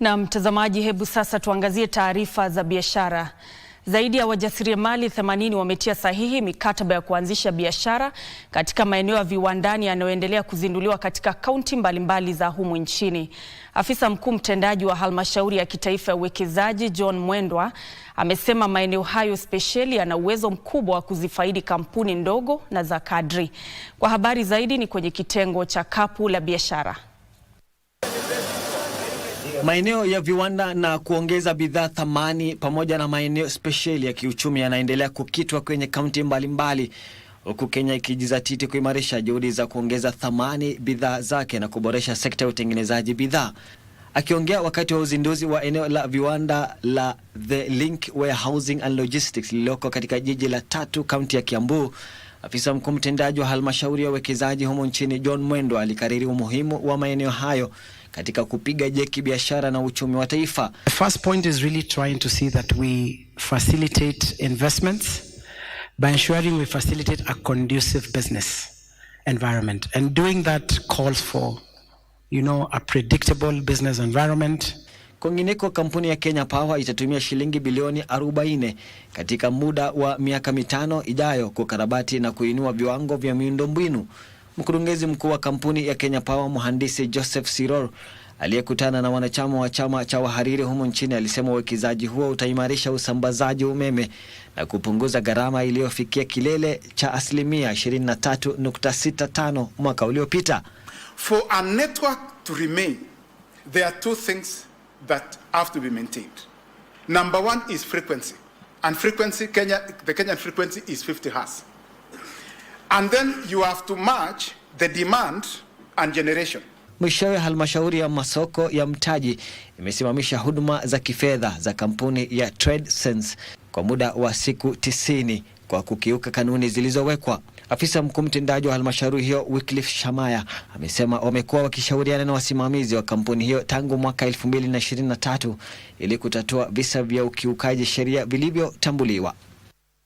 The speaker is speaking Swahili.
Na mtazamaji, hebu sasa tuangazie taarifa za biashara. Zaidi ya wajasiriamali 80 wametia sahihi mikataba ya kuanzisha biashara katika maeneo ya viwandani yanayoendelea kuzinduliwa katika kaunti mbalimbali za humu nchini. Afisa mkuu mtendaji wa halmashauri ya kitaifa ya uwekezaji John Mwendwa amesema maeneo hayo spesheli yana uwezo mkubwa wa kuzifaidi kampuni ndogo na za kadri. Kwa habari zaidi ni kwenye kitengo cha Kapu la Biashara. Maeneo ya viwanda na kuongeza bidhaa thamani pamoja na maeneo spesheli ya kiuchumi yanaendelea kukitwa kwenye kaunti mbalimbali huku Kenya ikijizatiti kuimarisha juhudi za kuongeza thamani bidhaa zake na kuboresha sekta ya utengenezaji bidhaa. Akiongea wakati wa uzinduzi wa eneo la viwanda la The Link Warehousing and Logistics lililoko katika jiji la Tatu, kaunti ya Kiambu, Afisa mkuu mtendaji wa halmashauri ya uwekezaji humo nchini John mwendo alikariri umuhimu wa maeneo hayo katika kupiga jeki biashara na uchumi wa taifa. The first point is really trying to see that we facilitate investments by ensuring we facilitate a conducive business environment and doing that calls for you know a predictable business environment Kwingineko, kampuni ya Kenya Power itatumia shilingi bilioni 40 katika muda wa miaka mitano ijayo kukarabati na kuinua viwango vya miundombinu. Mkurugenzi mkuu wa kampuni ya Kenya Power, mhandisi Joseph Siror, aliyekutana na wanachama wa chama cha wahariri humo nchini, alisema uwekezaji huo utaimarisha usambazaji umeme na kupunguza gharama iliyofikia kilele cha asilimia 23.65 mwaka uliopita. For a network to remain, there are two things that have to be maintained. Number one is frequency. And frequency, Kenya, the Kenyan frequency is 50 hertz. And then you have to match the demand and generation. Mwishowe, halmashauri ya masoko ya mtaji imesimamisha huduma za kifedha za kampuni ya TradeSense kwa muda wa siku tisini kwa kukiuka kanuni zilizowekwa. Afisa mkuu mtendaji wa halmashauri hiyo Wiklif Shamaya amesema wamekuwa wakishauriana na wasimamizi wa kampuni hiyo tangu mwaka 2023 ili kutatua visa vya ukiukaji sheria vilivyotambuliwa.